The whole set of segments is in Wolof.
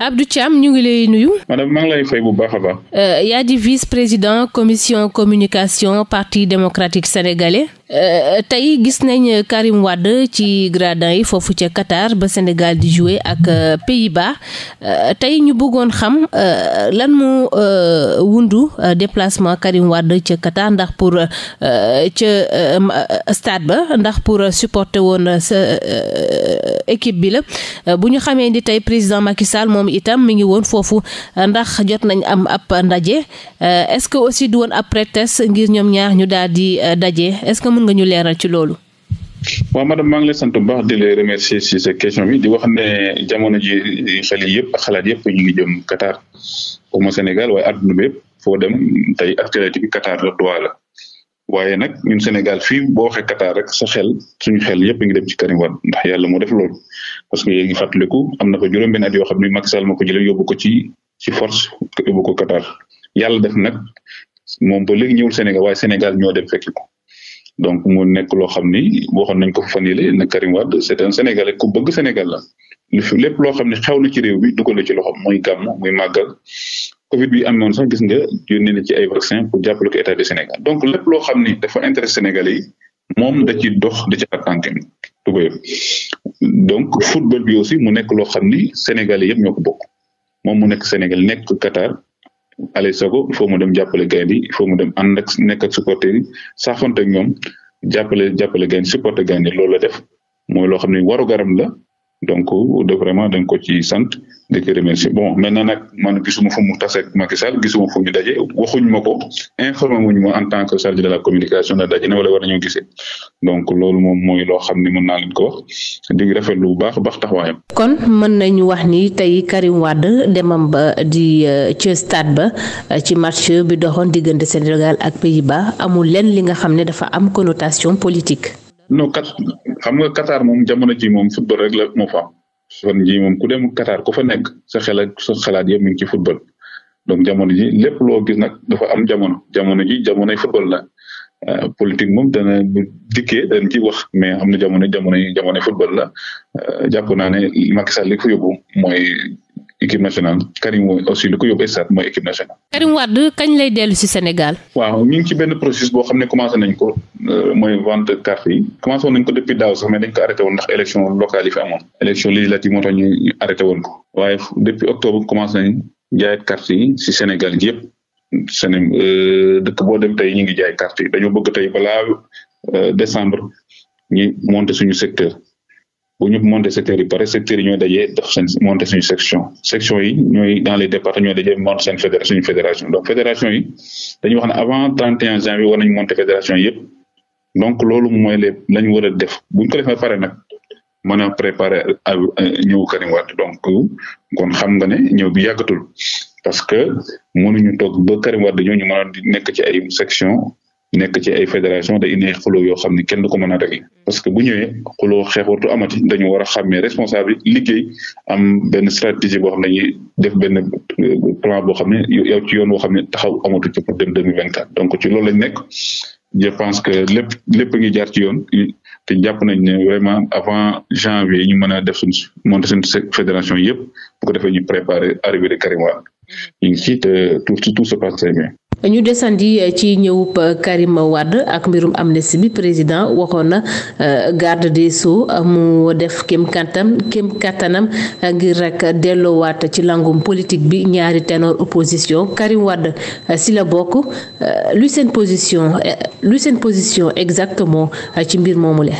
Abdou Thiam ñu ngi lay nuyu. madame maa ngi lay bu baax euh, yaa di vice président commission communication parti démocratique sénégalais euh, tey gis nañ Karim wadd ci gradin yi foofu ca Qatar ba Sénégal di jouer ak euh, Pays-Bas euh, tey ñu bëggoon xam euh, lan mu wundu déplacement Karim wadd ca Qatar ndax pour ca stade ba ndax pour supporter woon sa équipe bi la bu ñu xamee ni tey président Macky Sall moom itam mi ngi woon foofu euh, ndax jot nañ am ab ndaje euh, est-ce que aussi du woon ab prétexte ngir ñoom ñaar ñu daal di euh, daje est-ce que mën nga ñu leeral ci loolu. waaw madame maa ngi lay sant bu baax di la remercier si sa question bi di wax ne jamono ji xel yëpp ak xalaat yëpp ñu ngi jëm Qatar au moins Sénégal waaye adduna bi yëpp foo dem tey actualité bi Qatar la Doha waaye nag ñun Sénégal fii boo waxee Qatar rek sa xel suñu xel yëpp ngi dem ci Karim Wade ndax yàlla moo def parce que yéen ngi fàttaliku am na fa juróom-benn at yoo xam ne Macky Sall moo ko jëlee yóbbu ko ci ci force yóbbu ko Qatar yàlla def nag moom bo léegi ñëwul Sénégal waaye Sénégal ñoo dem fekki ko donc mu nekk loo xam ni waxoon nañ ko fan yële na Karim Wade c'est un Sénégalais ku bëgg Sénégal la lu fi lépp loo xam ne xew na ci réew bi dugale ci loxoom muy gàmm muy màggal Covid bi amoon sax gis nga yónnee na ci ay vaccin pour jàppale ko état du Sénégal donc lépp loo xam ni dafa intérêt Sénégalais yi moom da ci dox da ci xar tànkeem donc football bi aussi mu nekk loo xam ni Sénégalais yëpp ñoo ko bokk moom mu nekk Sénégal nekk Qatar ale Sogo il faut mu dem jàppale gaynde yi il faut mu dem ànd ak nekk ak supporter yi saafonte ak ñoom jàppale jàppale gaynde supporter gaynde loolu la def mooy loo xam waro garam la donc de vraiment dañ ko sant di ko remercier bon maintenant nag man gisuma fu mu tase Macky gisuma fu ñu daje waxuñ ma ko informé wuñ ma en tant que chargé de la communication gisee donc loolu moom mooy loo xam ne mën naa leen ko wax di rafetlu bu baax baax taxawaayam. kon mën nañu wax ni tey Karim Wade demam ba di euh, ci stade ba euh, ci match bi doxoon diggante Sénégal ak Pays-Bas amul lenn li nga xam ne dafa am connotation politique. non kat xam nga Qatar moom jamono ji moom football rek la moo fa am fan ji moom ku dem Qatar ku fa nekk sa xel sa xalaat yëpp mu ngi ci football donc jamono ji lépp loo gis nag dafa am jamono jamono ji jamonoy football la euh, politique moom dana bu dikkee dañ ci wax mais am na jamono jamono jamonoy football la euh, jàpp naa ne Macky Sall li ko yóbbu mooy équipe nationale Karim aussi ko yóbbu stade mooy équipe nationale. kañ lay dellu si Sénégal. waaw ñu ngi ci benn processus boo xam ne commencé nañ ko euh, mooy vente carte yi commencé woon nañ ko depuis daaw sax mais dañ ko arrêté woon ndax élection locale yi fi amoon. élection législative moo tax ñu arrêté woon ko waaye depuis octobre commencé nañ jaayat carte yi si Sénégal gi yëpp seen euh, dëkk boo dem tey ñu ngi jaay carte yi dañoo bëgg tey balaa euh, décembre ñu monter suñu secteur. bu ñu monté secteurs yi pare secteurs yi ñooy section section yi ñooy dans les départements ñooy dajee monté seen fédération suñu fédération donc fédération yi dañu wax ne avant 31 janvier war nañu monté fédération yëpp donc loolu mooy les la ñu war a def bu ñu ko defee pare nag mën a préparer euh, ñëw Karim Wade donc kon xam nga ne ñëw bi yàggatul parce que mënuñu toog ba Karim Wade ñëw ñu mën a nekk ci ay section nekk ci ay fédération day ine ay xuloo yoo xam ne kenn du ko mën a régler parce que bu ñëwee xuloo xeex wartu amati dañu war a xàmmee responsable liggéey am benn stratégie boo xam ne dañuy def benn euh, plan boo xam ne yow ci yoon boo xam ne taxaw amatu ci pour dem deux mille vingt quatre donc ci loolu lañ nekk je pense que lépp lépp ngi jaar ci yoon te jàpp nañ ne vraiment avant janvier ñu mën a def suñ monter suñ fédération yëpp bu ko defee ñu préparer arrivée de Karim Wade ñu ngi ci te tout tout se passe très ñu desandi eh, ci ñëwu eh, Karim Wade ak mbirum am amnistie bi président waxoon na eh, garde des sceaux mu def kem kantam kem kattanam ngir rek delloowaat ci langum politique bi ñaari ténor opposition Karim Wade si la bokk luy seen position luy seen position exactement ci mbir moomu le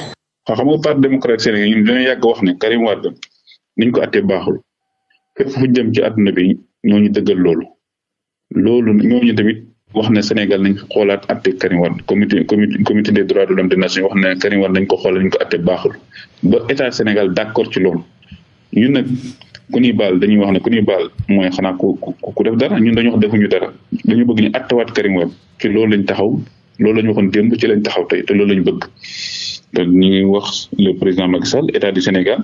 xam nga parti démocratique sénégalais ñun dina wax ne Karim Wade niñ ko àttee baaxul fépp fu jëm ci àdduna bi ñoo dëggal loolu loolu ñooñu tamit wax ne Sénégal nañ ko xoolaat atte Karim Wade comité comité des droits de l'homme des nations wax ne Karim nañ ko xoolaat nañ ko atte baaxul ba état Sénégal d'accord ci loolu ñun nag ku ñuy baal dañuy wax ne ku ñuy baal mooy xanaa ku ku def dara ñun dañu defuñu dara dañu bëgg ñu attewaat Karim Wade ci loolu lañ taxaw lool lañ ñu waxoon démb ci lañ taxaw tey te lool lañ bëgg te ñu wax le président Macky Sall état du Sénégal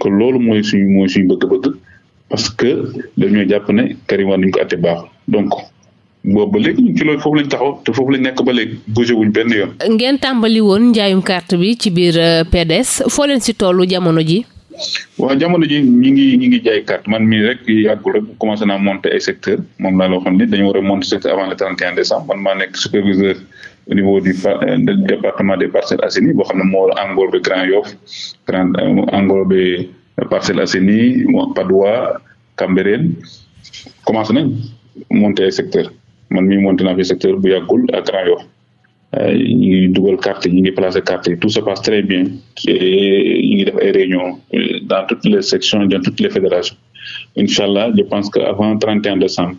que loolu mooy suñu mooy suñu bëgg-bëgg parce que dañoo jàpp ne Karim Wade ko atte baaxul donc boobu ba léegi ñun foofu lañ taxaw te foofu lañ nekk ba léegi bougé wuñ benn yoon. ngeen tàmbali woon njaayum carte bi ci biir euh, PDS foo leen si toolu jamono ji. waaw jamono ji ñi ngi ñi ngi jaay carte man mii rek yàggul rek commencé na monter ay secteur moom laa loo xam ne dañu war a monter secteur avant le 31 décembre man maa nekk superviseur au niveau euh, boo xam ne moo war a englobé Grand Yoff grand euh, englobé Parcelles Assainies Padoua Cambérène commencé nañ monter ay secteur man mii monté naa fi secteur bu yàggul a Grand Yoff euh, ñu ngi dugal carte yi ñu ngi placé carte yi tout se passe très bien ñu ngi def ay réunions euh, dans toutes les sections dans toutes les fédérations incha allah je pense que avant 31 décembre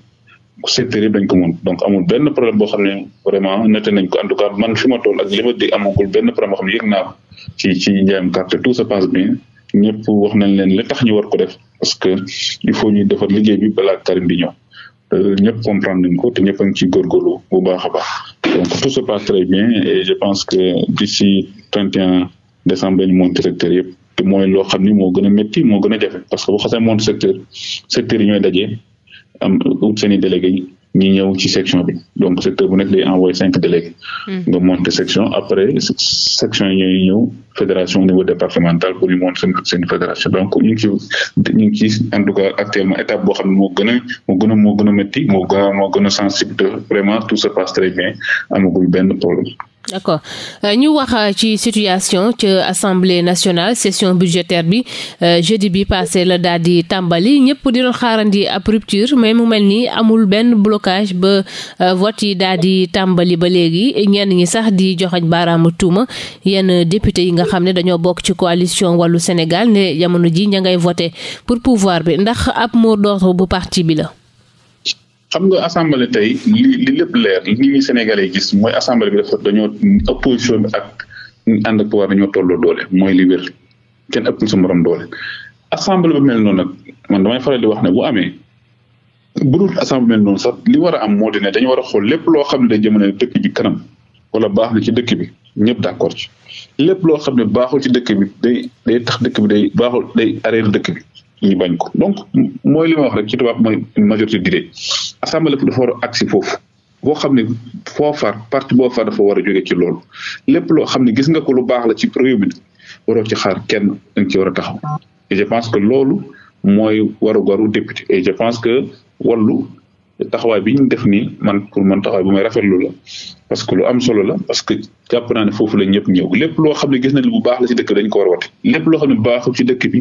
secteur yëpp dañ ko mun donc amul benn problème boo xam ne vraiment nette nañ ko en tout cas man fi ma toll ak li ma di benn problème boo xam ne yëg ci ci njaayam carte tout se passe bien ñëpp wax nañ leen li tax ñu war ko def parce que il faut ñu defar liggéey bi balaa Karim bi ñëw. Euh, ñëpp comprendre nañ ko te ñëpp ci góorgóorlu bu baax a baax donc tout se passe très bien et je pense que d'ici 31 décembre dañu monté secteur yëpp te mooy loo xam ni moo gën a métti moo gën a jafe parce que bu xasee monté secteur secteur yi ñooy daje am seen i délégué ñu ñëw ci section bi donc secteur bu nekk day envoyé cinq délégués. Hmm. nga monter section après section fédération au niveau départemental pour ñu monter seen fédération donc ñu ci en tout cas actuellement étape boo xam ne moo gën a moo gën a moo gën sensible tout se passe très bien amagul benn problème. d' accord euh, ñu wax euh, ci situation ci assemblée nationale session budgétaire bi euh, jeudi bi passé la daal di tàmbali ñëpp di doon xaarandi ab rupture mais mu mel ni amul benn blocage ba vote yi daal di tàmbali ba léegi ñenn ñi sax di joxañ baaraamu tuuma yenn député yi nga xam ne dañoo bokk ci coalition wàllu Sénégal ne jamono ji ña ngay voté pour pouvoir bi ndax ab mot d'ordre bu parti bi la. xam nga assemblée tey li li lépp leer li sénégal Sénégalais gis mooy assemblée bi dafa dañoo opposition bi ak ànd ak pouvoir dañoo tolloo doole mooy li wér kenn ëppul sa morom doole. assemblée bu mel noon nag man damay faral di wax ne bu amee bu dul assemblée mel noonu sax li war a am moo di ne dañu war xool lépp loo xam ne day jëmale dëkk bi kanam wala baax na ci dëkk bi ñëpp d'accord ci lépp loo xam ne baaxul ci dëkk bi day day tax dëkk bi day baaxul day arrêté dëkk bi. ñu bañ ko donc mooy li ma wax rek ci tubaab mooy une majorité d'idées assemblée dafa war a agsi foofu boo xam ne foo far parti boo far dafa war a jóge ci lool lépp loo xam ne gis nga ko lu baax la ci réew mi waroo ci xaar kenn da nga ci war a taxaw et je pense que loolu mooy waru garu député et je pense que wallu taxawaay bi ñu def nii man pour man taxawaay bu may rafetlu la parce que lu am solo la parce que jàpp naa ne foofu la ñëpp ñëw lépp loo xam ne gis nañ bu baax la ci dëkk dañ war a wote lépp loo xam ne bu baaxul ci dëkk bi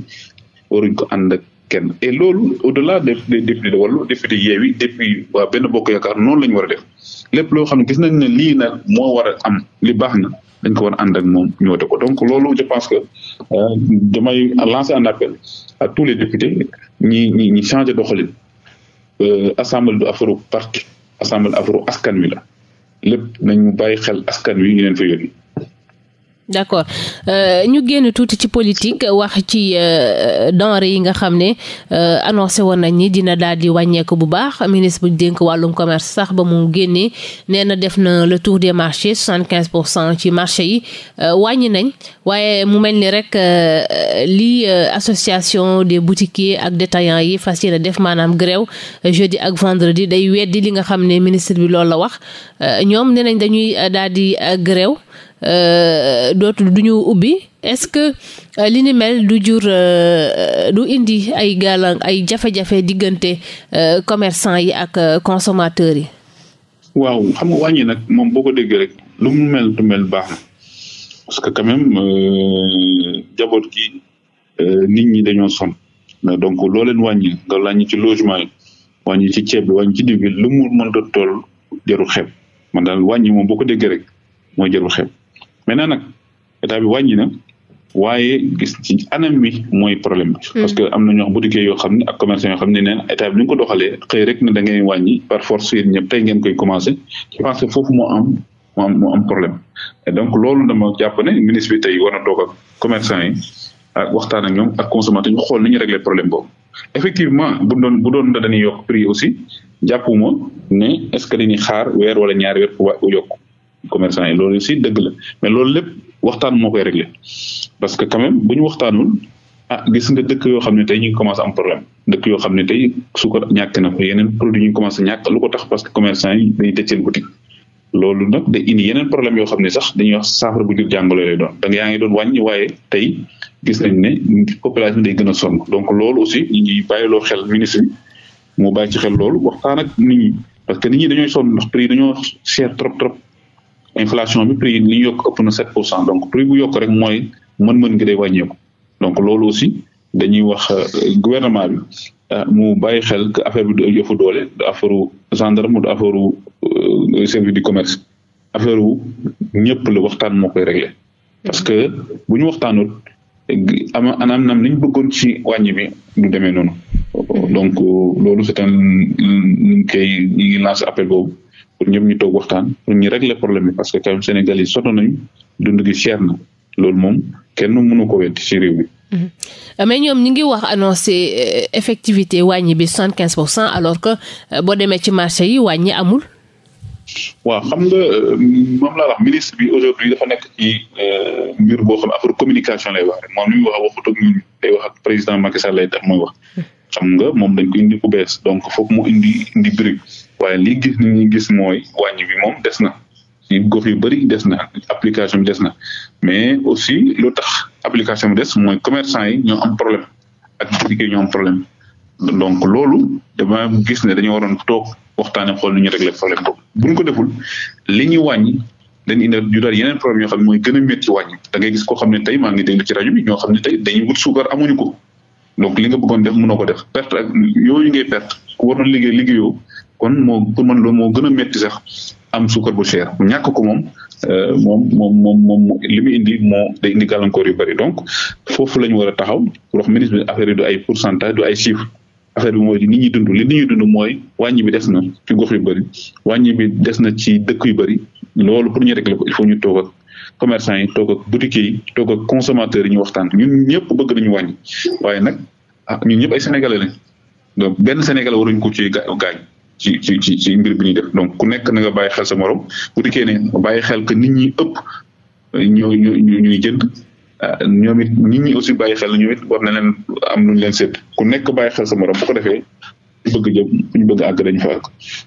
waruñ ko ànd ak kenn loolu au delà des députés de Wallu députés Yewwi depuis waa benn bokk yaakaar noonu la ñu war a def lépp loo xam ne gis nañ ne lii nag moo war a am li baax na dañ ko war a ànd ak moom ñu ko donc loolu je pense que euh, damay lancer un appel à tous les députés ñi ñi ñi changer doxalin euh, assemblée du affaire parti assemblée affaire askan wi la lépp nañu bàyyi xel askan wi ñu leen fa d'accord euh, ñu génn tuuti ci politique wax ci euh, denrée yi nga xam ne euh, annoncé woon nañ ni dina daal di wàññeeku bu baax ministre bu dénk wàllum commerce sax ba mu génnee nee na def na le tour des marché soixante quinze pour cent ci marché yi wàññi nañ waaye mu mel ni rek lii association des boutiquiers ak détaillants yi fas yéene def maanaam grève jeudi ak vendredi day weddi li nga xam ne ministre bi loolu la wax ñoom nee nañ dañuy daal di grève Euh, dootul du ñu ubbi est-ce que euh, li ni mel du jur euh, du indi ay gàllank ay jafe-jafe diggante commerçant yi ak consommateurs yi. waaw xam nga wàññi nag moom boo ko déggee rek lu mu mel tu mel baax na parce que quand même jaboot gi nit ñi dañoo sonn donc loo leen wàññi nga wàññi ci logement yi wàññi ci ceeb bi wàññi ci diw lu mu mën a toll jarul xeeb man daal wàññi moom boo ko déggee rek mooy jarul xeeb. naa nag état bi wàññi na waaye gis ci anam mi mooy problème bi. Hmm. parce que am na ñoo xam boutique yoo xam ne ak commerçant yoo xam ne état bi ni nga ko doxalee xëy rek ne ngay wàññi par force yéen ñëpp tey koy commencé je pense que foofu am moo am donc loolu dama jàpp ne ministre bi tey war na toog ak commerçant yi ak waxtaan ak ñoom ak consommateur ñu xool ni ñu régler problème boobu. effectivement bu doon bu doon dañuy yokk prix aussi jàppuma ne est-ce que dañuy xaar weer wala ñaari weer pour yokk. commercant yi loolu aussi dëgg la mais loolu lépp waxtaan moo koy réglé parce que quand même bu ñu waxtaanul ah gis nga dëkk yoo xam ne tey ñu ngi commencé am yoo xam ne tey suukar ñàkk na ko yeneen produit ñu ngi commencé ñàkk lu ko tax parce que commerçant yi dañuy tëj seen boutique loolu yeneen problème yoo xam ne sax dañuy wax saafara bu jur jàngoro lay doon da nga yaa ngi doon wàññi waaye tey gis nañ ne population day gën a sonn donc loolu aussi ñu ngi xel ministre bi mu bàyyi ci xel loolu waxtaan ak nit ñi parce que nit ñi dañooy sonn ndax prix dañoo cher trop trop inflation bi prix li ñu yokk ëpp na 7 pour cent donc prix bu rek mooy mën-mën ngi day wàññeeku donc loolu aussi dañuy wax gouvernement bi mu bàyyi xel que affaire bi du yëfu doole du affaire gendarme du affaire service du commerce affaire wu ñëpp la waxtaan moo koy réglé parce que bu ñu waxtaanul ama anam nam niñ bëggoon ci wàññi bi du demee noonu donc loolu c'est un ñu ngi koy appel boobu pour ñoom ñu toog waxtaan pour ñu régler problème bi parce que quand même Sénégal yi soto nañu dund gi cher na loolu moom kenn mënu ko wetti ci réew mi. Mm-hmm. ñi ngi wax annoncé euh, effectivité wàññi bi soixante quinze pour alors que euh, boo demee ci marché yi wàññi amul. waaw xam nga euh, moom laa wax ministre bi aujourd'hui dafa nekk ci mbir boo xam affaire communication lay wax rek moom li muy wax waxut ak ñun day wax ak président Macky Sall lay tax mooy wax. Mm-hmm. xam nga moom dañ ko indi ku donc foog mu indi indi waaye li gis ni ñu gis mooy wàññi bi moom des na ci gox yu bëri des na application bi des na mais aussi lu tax application bi des mooy commerçant yi ñoo am problème ak activité ñoo am problème donc loolu dama gis ne dañoo waroon toog waxtaane xool nu ñu régler problème boobu buñ ko deful li ñuy wàññi dañ indi ñu daal yeneen problème yoo xam ne mooy gën a métti wàññi da ngay gis koo xam ne tey maa ngi déglu ci rajo bi ñoo xam ne tey dañuy wut suukar amuñu ko donc li nga bëggoon def mënoo ko def perte ak yooyu ngay perte ku waroon liggéey liggéeyoo kon moo pour man moo gën a métti sax am suukar bu cher ñàkk ko moom euh, moom moom moom li mu indi moo day indi gàllankoor yu bëri donc foofu la ñu war a taxaw wax ministre bi affaire yi du ay pourcentage du ay chiffre affaire bi mooy li nit dundu dund li nit ñi dund mooy wàññi bi des na ci gox yu bëri wàññi bi des na ci dëkk yu bëri loolu pour ñu régler ko il faut ñu toog ak yi toog ak boutique yi toog ak consommateurs yi ñu waxtaan ñun ñëpp bëgg nañu wàññi waaye nag ah ñun ñëpp ay sénégalais benn sénégalais waruñu ko ci gaañ ci ci ci ci mbir bi ñuy def donc ku nekk na nga bàyyi xel sa morom bu dikkee ne bàyyi xel que nit ñi ëpp ñoo ñu ñuy jënd euh, ñoom it nit ñi aussi bàyyi xel ñoom it war na leen am lu ñu leen seet ku nekk bàyyi xel sa morom bu ko defee ñu bëgg jëm ñu bëgg àgg dañu fa àgg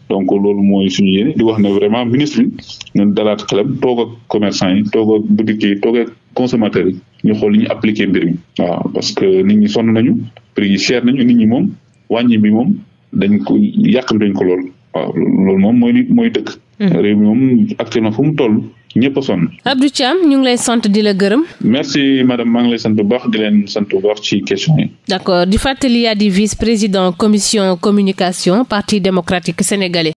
donc loolu mooy suñu yéene di wax ne vraiment ministre bi ñun dalaat xelam toog ak commerçant yi toog ak boutique yi toog ak consommateur yi ñu xool li ñu appliqué mbir mi waaw parce que nit ñi sonn nañu prix yi cher nañu nit ñi moom wàññi bi moom dañ ko yàqam dañ ko lool waaw loolu moom mooy nit mooy dëkk. Hmm. réew mi moom actuellement fu mu toll ñëpp a sonn. Abdou Thiam ñu ngi lay sant di la gërëm. merci madame maa ngi lay sant bu baax di leen sant bu baax ci question yi. d' di fàttali yaa di vice président commission communication parti démocratique sénégalais.